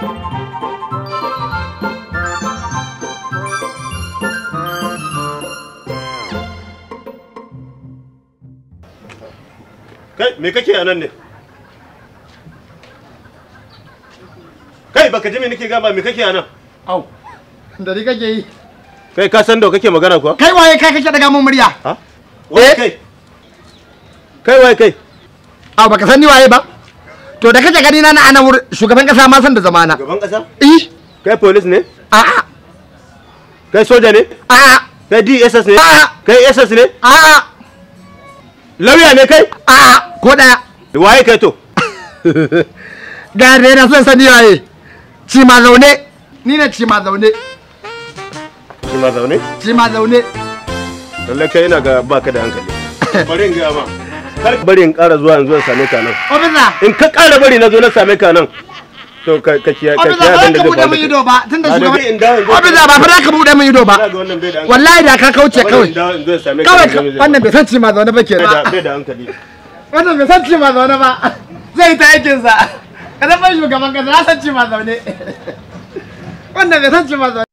Kai, me kake a nan ne? Kai, baka ji me nake gaba me kake a nan? Au, da ni kake yi. Kai, ka san da kake magana kuwa? Kai waye kai kake daga mun murya? Ha? Waye eh? kai? Kai waye kai? Au, baka san ni waye ba? to da kake gani na ana wurin shugaban kasa ma san da zamana shugaban kasa eh kai police ne a'a kai soja ne a'a kai DSS ne a'a kai SS ne a'a lauya ne kai a'a ko daya waye kai to gare ne na son sani waye ci ma zaune ni ne ci ma zaune ci ma zaune ci ma zaune lalle kai ina ga baka da hankali bari in ga ma kar bari in ƙara zuwa yanzu in same ka nan ofisa in ka ƙara bari na zo na same ka nan to ka ka kiya ka kiya abin da ba faru ido ba tunda shugaban ofisa ba fara ka bude min ido ba wallahi da ka kauce kawai kawai wannan bai san ci ma wani ba kenan bai da hankali wannan bai san ci ma wani ba zai ta aikin sa kada ban shugaban kasa na san ci ma zaune wannan bai san ci ma zaune